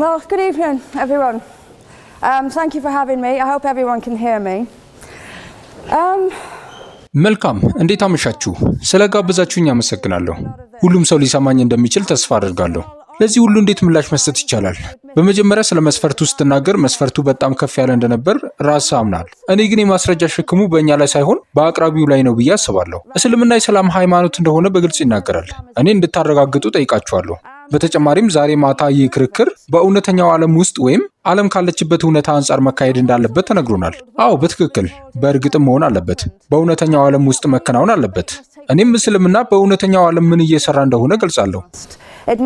well, good evening, everyone. Um, thank you for having me. I hope everyone can hear me. Um, መልካም እንዴት አመሻችሁ። ስለ ጋበዛችሁኝ አመሰግናለሁ። ሁሉም ሰው ሊሰማኝ እንደሚችል ተስፋ አድርጋለሁ። ለዚህ ሁሉ እንዴት ምላሽ መስጠት ይቻላል? በመጀመሪያ ስለ መስፈርቱ ስትናገር መስፈርቱ በጣም ከፍ ያለ እንደነበር ራስ አምናል። እኔ ግን የማስረጃ ሸክሙ በእኛ ላይ ሳይሆን በአቅራቢው ላይ ነው ብዬ አስባለሁ። እስልምና የሰላም ሃይማኖት እንደሆነ በግልጽ ይናገራል። እኔ እንድታረጋግጡ ጠይቃችኋለሁ። በተጨማሪም ዛሬ ማታ ይህ ክርክር በእውነተኛው ዓለም ውስጥ ወይም ዓለም ካለችበት እውነታ አንጻር መካሄድ እንዳለበት ተነግሮናል። አዎ በትክክል በእርግጥም መሆን አለበት። በእውነተኛው ዓለም ውስጥ መከናወን አለበት። እኔም ምስልምና በእውነተኛው ዓለም ምን እየሰራ እንደሆነ ገልጻለሁ። It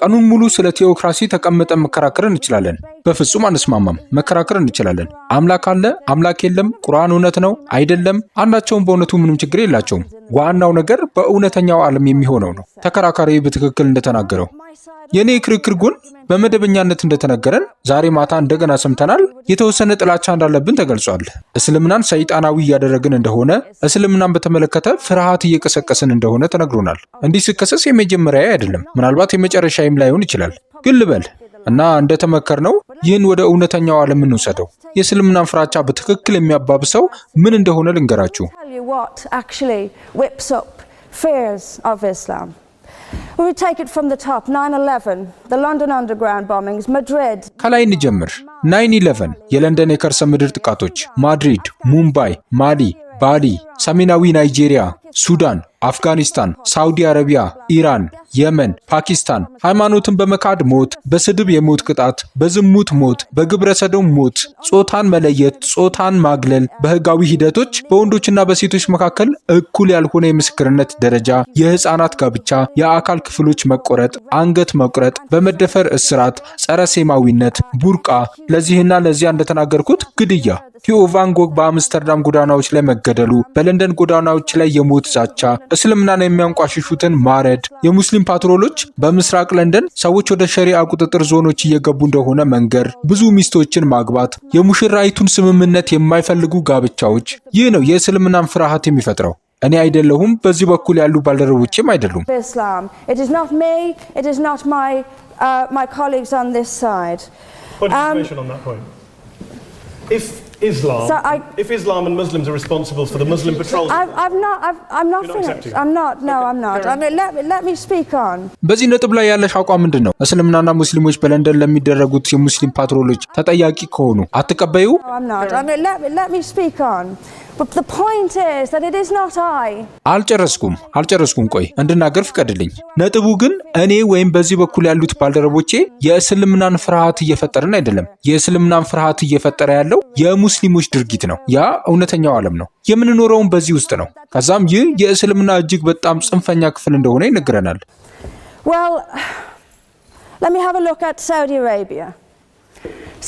ቀኑን ሙሉ ስለ ቴዎክራሲ ተቀምጠን መከራከር እንችላለን። በፍጹም አንስማማም፣ መከራከር እንችላለን። አምላክ አለ፣ አምላክ የለም፣ ቁርአን እውነት ነው አይደለም፣ አንዳቸውም በእውነቱ ምንም ችግር የላቸውም። ዋናው ነገር በእውነተኛው ዓለም የሚሆነው ነው። ተከራካሪ በትክክል እንደተናገረው የእኔ ክርክር ጎን በመደበኛነት እንደተነገረን ዛሬ ማታ እንደገና ሰምተናል። የተወሰነ ጥላቻ እንዳለብን ተገልጿል። እስልምናን ሰይጣናዊ እያደረግን እንደሆነ፣ እስልምናን በተመለከተ ፍርሃት እየቀሰቀስን እንደሆነ ተነግሮናል። እንዲህ ስከሰስ የመጀመሪያ አይደለም፣ ምናልባት የመጨረሻይም ላይሆን ይችላል። ግን ልበል እና እንደተመከርነው ይህን ወደ እውነተኛው ዓለም እንውሰደው። የእስልምናን ፍራቻ በትክክል የሚያባብሰው ምን እንደሆነ ልንገራችሁ። We take it from the top. 9/11, the London underground bombings, Madrid. ከላይ እንጀምር። 9/11 የለንደን የከርሰ ምድር ጥቃቶች፣ ማድሪድ፣ ሙምባይ፣ ማሊ፣ ባሊ፣ ሰሜናዊ ናይጄሪያ፣ ሱዳን አፍጋኒስታን፣ ሳውዲ አረቢያ፣ ኢራን፣ የመን፣ ፓኪስታን ሃይማኖትን በመካድ ሞት፣ በስድብ የሞት ቅጣት፣ በዝሙት ሞት፣ በግብረ ሰዶም ሞት፣ ጾታን መለየት፣ ጾታን ማግለል፣ በህጋዊ ሂደቶች በወንዶችና በሴቶች መካከል እኩል ያልሆነ የምስክርነት ደረጃ፣ የህፃናት ጋብቻ፣ የአካል ክፍሎች መቆረጥ፣ አንገት መቁረጥ፣ በመደፈር እስራት፣ ጸረ ሴማዊነት፣ ቡርቃ፣ ለዚህና ለዚያ እንደተናገርኩት ግድያ ቲዮ በአምስተርዳም ጎዳናዎች ላይ መገደሉ፣ በለንደን ጎዳናዎች ላይ የሞት ዛቻ እስልምናን የሚያንቋሽሹትን ማረድ፣ የሙስሊም ፓትሮሎች በምስራቅ ለንደን ሰዎች ወደ ሸሪአ ቁጥጥር ዞኖች እየገቡ እንደሆነ መንገር፣ ብዙ ሚስቶችን ማግባት፣ የሙሽራይቱን ስምምነት የማይፈልጉ ጋብቻዎች። ይህ ነው የእስልምናን ፍርሃት የሚፈጥረው። እኔ አይደለሁም፣ በዚህ በኩል ያሉ ባልደረቦችም አይደሉም። Islam. So I, if Islam and Muslims are responsible for the Muslim patrols, I, I'm not. I've, I'm not. not finished. Accepting. I'm not. No, okay. I'm not. I mean, let me let me speak on. በዚህ ነጥብ ላይ ያለሽ አቋም ምንድን ነው? እስልምናና ሙስሊሞች በለንደን ለሚደረጉት የሙስሊም ፓትሮሎች ተጠያቂ ከሆኑ አትቀበዩ? I'm not. I mean, let me let me speak on. አልጨረስኩም አልጨረስኩም። ቆይ እንድናገር ፍቀድልኝ። ነጥቡ ግን እኔ ወይም በዚህ በኩል ያሉት ባልደረቦቼ የእስልምናን ፍርሃት እየፈጠርን አይደለም። የእስልምናን ፍርሃት እየፈጠረ ያለው የሙስሊሞች ድርጊት ነው። ያ እውነተኛው ዓለም ነው። የምንኖረውም በዚህ ውስጥ ነው። ከዛም ይህ የእስልምና እጅግ በጣም ጽንፈኛ ክፍል እንደሆነ ይነግረናል።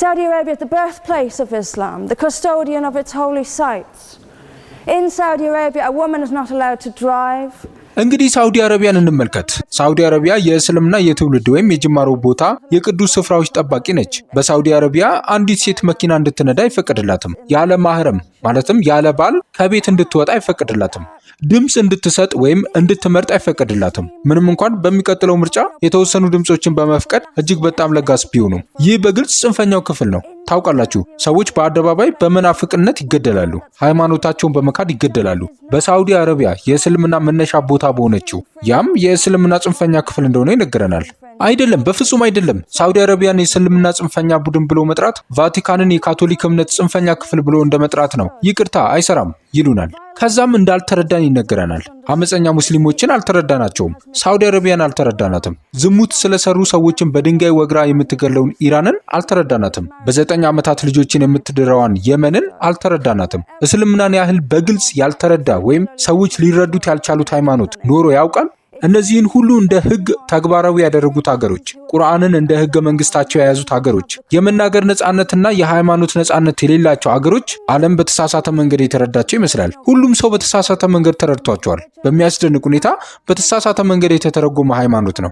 Saudi Arabia, the birthplace of Islam, the custodian of its holy sites. እንግዲህ ሳውዲ አረቢያን እንመልከት። ሳውዲ አረቢያ የእስልምና የትውልድ ወይም የጅማሮ ቦታ የቅዱስ ስፍራዎች ጠባቂ ነች። በሳውዲ አረቢያ አንዲት ሴት መኪና እንድትነዳ አይፈቅድላትም ያለ ማህረም ማለትም ያለ ባል ከቤት እንድትወጣ አይፈቅድላትም ድምፅ እንድትሰጥ ወይም እንድትመርጥ አይፈቀድላትም። ምንም እንኳን በሚቀጥለው ምርጫ የተወሰኑ ድምፆችን በመፍቀድ እጅግ በጣም ለጋስ ቢሆኑም ይህ በግልጽ ጽንፈኛው ክፍል ነው። ታውቃላችሁ፣ ሰዎች በአደባባይ በመናፍቅነት ይገደላሉ፣ ሃይማኖታቸውን በመካድ ይገደላሉ። በሳዑዲ አረቢያ የእስልምና መነሻ ቦታ በሆነችው ያም የእስልምና ጽንፈኛ ክፍል እንደሆነ ይነገረናል። አይደለም፣ በፍጹም አይደለም። ሳውዲ አረቢያን የእስልምና ጽንፈኛ ቡድን ብሎ መጥራት ቫቲካንን የካቶሊክ እምነት ጽንፈኛ ክፍል ብሎ እንደ መጥራት ነው። ይቅርታ አይሰራም ይሉናል። ከዛም እንዳልተረዳን ይነገረናል። አመፀኛ ሙስሊሞችን አልተረዳናቸውም። ሳውዲ አረቢያን አልተረዳናትም። ዝሙት ስለሰሩ ሰዎችን በድንጋይ ወግራ የምትገለውን ኢራንን አልተረዳናትም። በዘጠኝ ዓመታት ልጆችን የምትድረዋን የመንን አልተረዳናትም። እስልምናን ያህል በግልጽ ያልተረዳ ወይም ሰዎች ሊረዱት ያልቻሉት ሃይማኖት ኖሮ ያውቃል? እነዚህን ሁሉ እንደ ህግ ተግባራዊ ያደረጉት አገሮች፣ ቁርአንን እንደ ህገ መንግስታቸው የያዙት አገሮች፣ የመናገር ነጻነትና የሃይማኖት ነጻነት የሌላቸው አገሮች ዓለም በተሳሳተ መንገድ የተረዳቸው ይመስላል። ሁሉም ሰው በተሳሳተ መንገድ ተረድቷቸዋል። በሚያስደንቅ ሁኔታ በተሳሳተ መንገድ የተተረጎመ ሃይማኖት ነው።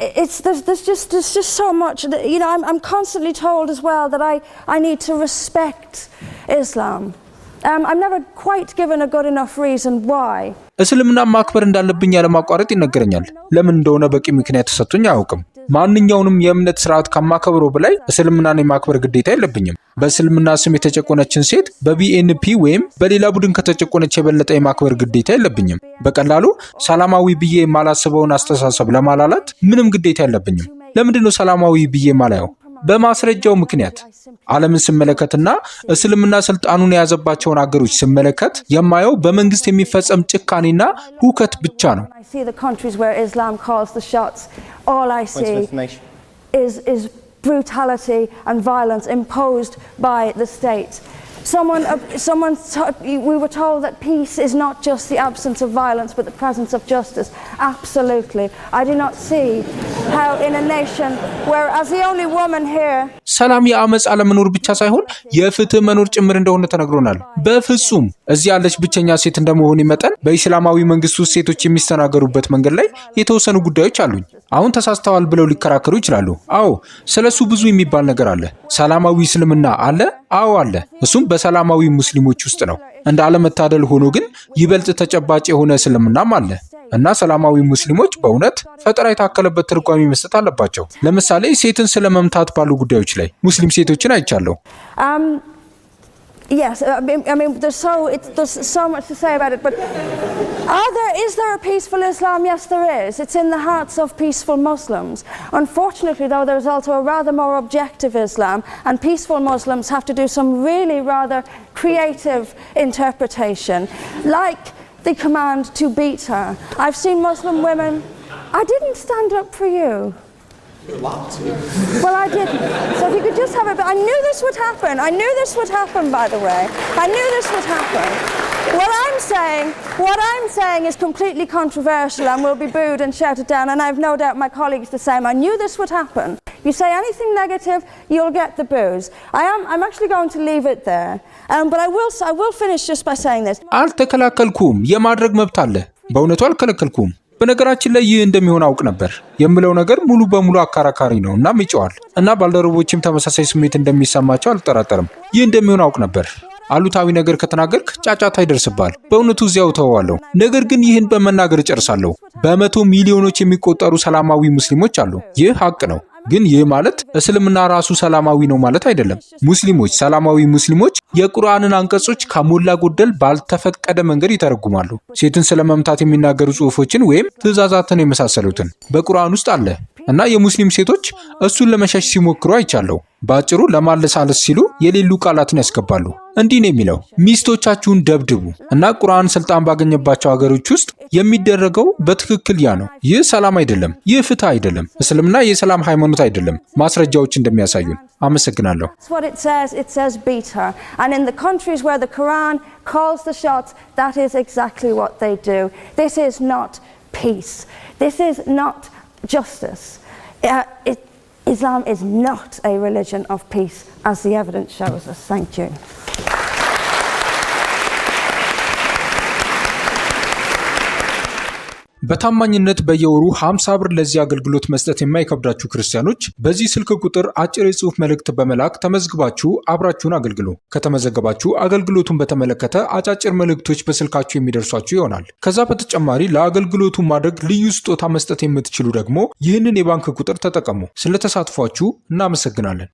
it's, there's, there's, just, there's just so much. That, you know, I'm, I'm constantly told as well that I, I need to respect Islam. Um, I'm never quite given a good enough reason why. እስልምና ማክበር እንዳለብኝ ያለማቋረጥ ይነገረኛል። ለምን እንደሆነ በቂ ምክንያት ተሰጥቶኝ አያውቅም። ማንኛውንም የእምነት ስርዓት ከማከብሮ በላይ እስልምናን የማክበር ግዴታ የለብኝም። በእስልምና ስም የተጨቆነችን ሴት በቢኤንፒ ወይም በሌላ ቡድን ከተጨቆነች የበለጠ የማክበር ግዴታ የለብኝም። በቀላሉ ሰላማዊ ብዬ የማላስበውን አስተሳሰብ ለማላላት ምንም ግዴታ የለብኝም። ለምንድን ነው ሰላማዊ ብዬ ማላየው? በማስረጃው ምክንያት ዓለምን ስመለከትና እስልምና ስልጣኑን የያዘባቸውን አገሮች ስመለከት የማየው በመንግስት የሚፈጸም ጭካኔና ሁከት ብቻ ነው። brutality and violence imposed by the state. Someone, uh, someone we were told that peace is not just the absence of violence, but the presence of justice. Absolutely. I do not see ሰላም የአመፅ አለመኖር ብቻ ሳይሆን የፍትህ መኖር ጭምር እንደሆነ ተነግሮናል። በፍጹም እዚህ ያለች ብቸኛ ሴት እንደመሆን መጠን በኢስላማዊ መንግስት ውስጥ ሴቶች የሚስተናገሩበት መንገድ ላይ የተወሰኑ ጉዳዮች አሉኝ። አሁን ተሳስተዋል ብለው ሊከራከሩ ይችላሉ። አዎ ስለሱ ብዙ የሚባል ነገር አለ። ሰላማዊ እስልምና አለ። አዎ አለ። እሱም በሰላማዊ ሙስሊሞች ውስጥ ነው። እንደ አለመታደል ሆኖ ግን ይበልጥ ተጨባጭ የሆነ እስልምናም አለ። እና ሰላማዊ ሙስሊሞች በእውነት ፈጠራ የታከለበት ትርጓሜ መስጠት አለባቸው። ለምሳሌ ሴትን ስለ መምታት ባሉ ጉዳዮች ላይ ሙስሊም ሴቶችን አይቻለሁ። the command to beat her. I've seen Muslim women. I didn't stand up for you. You're allowed to. Well, I didn't. So if you could just have it. But I knew this would happen. I knew this would happen, by the way. I knew this would happen. What I'm saying, what I'm saying is completely controversial and will be booed and shouted down, and I have no doubt my colleagues the same. I knew this would happen. If You say anything negative, you'll get the booze. I am, I'm actually going to leave it there. Um, but I will, I will finish just by saying this. አልተከላከልኩም። የማድረግ መብት አለ። በእውነቱ አልከለከልኩም። በነገራችን ላይ ይህ እንደሚሆን አውቅ ነበር። የምለው ነገር ሙሉ በሙሉ አከራካሪ ነው። እና ይጨዋል እና ባልደረቦችም ተመሳሳይ ስሜት እንደሚሰማቸው አልጠራጠርም። ይህ እንደሚሆን አውቅ ነበር። አሉታዊ ነገር ከተናገርክ ጫጫታ ይደርስባል። በእውነቱ እዚያው ተወዋለሁ። ነገር ግን ይህን በመናገር እጨርሳለሁ። በመቶ ሚሊዮኖች የሚቆጠሩ ሰላማዊ ሙስሊሞች አሉ። ይህ ሀቅ ነው። ግን ይህ ማለት እስልምና ራሱ ሰላማዊ ነው ማለት አይደለም። ሙስሊሞች፣ ሰላማዊ ሙስሊሞች የቁርአንን አንቀጾች ከሞላ ጎደል ባልተፈቀደ መንገድ ይተረጉማሉ። ሴትን ስለ መምታት የሚናገሩ ጽሁፎችን ወይም ትእዛዛትን የመሳሰሉትን በቁርአን ውስጥ አለ እና የሙስሊም ሴቶች እሱን ለመሸሽ ሲሞክሩ አይቻለሁ። በአጭሩ ለማለሳለስ ሲሉ የሌሉ ቃላትን ያስገባሉ። እንዲህ ነው የሚለው፣ ሚስቶቻችሁን ደብድቡ እና ቁርአን ስልጣን ባገኘባቸው ሀገሮች ውስጥ የሚደረገው በትክክል ያ ነው። ይህ ሰላም አይደለም። ይህ ፍትህ አይደለም። እስልምና የሰላም ሃይማኖት አይደለም። ማስረጃዎች እንደሚያሳዩን። አመሰግናለሁ። Islam is not a religion of peace, as the evidence shows us. Thank you. በታማኝነት በየወሩ 50 ብር ለዚህ አገልግሎት መስጠት የማይከብዳችሁ ክርስቲያኖች በዚህ ስልክ ቁጥር አጭር የጽሑፍ መልእክት በመላክ ተመዝግባችሁ አብራችሁን አገልግሉ። ከተመዘገባችሁ አገልግሎቱን በተመለከተ አጫጭር መልእክቶች በስልካችሁ የሚደርሷችሁ ይሆናል። ከዛ በተጨማሪ ለአገልግሎቱ ማድረግ ልዩ ስጦታ መስጠት የምትችሉ ደግሞ ይህንን የባንክ ቁጥር ተጠቀሙ። ስለተሳትፏችሁ እናመሰግናለን።